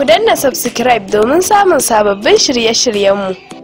Ku danna subscribe domin samun sababbin shirye-shiryenmu.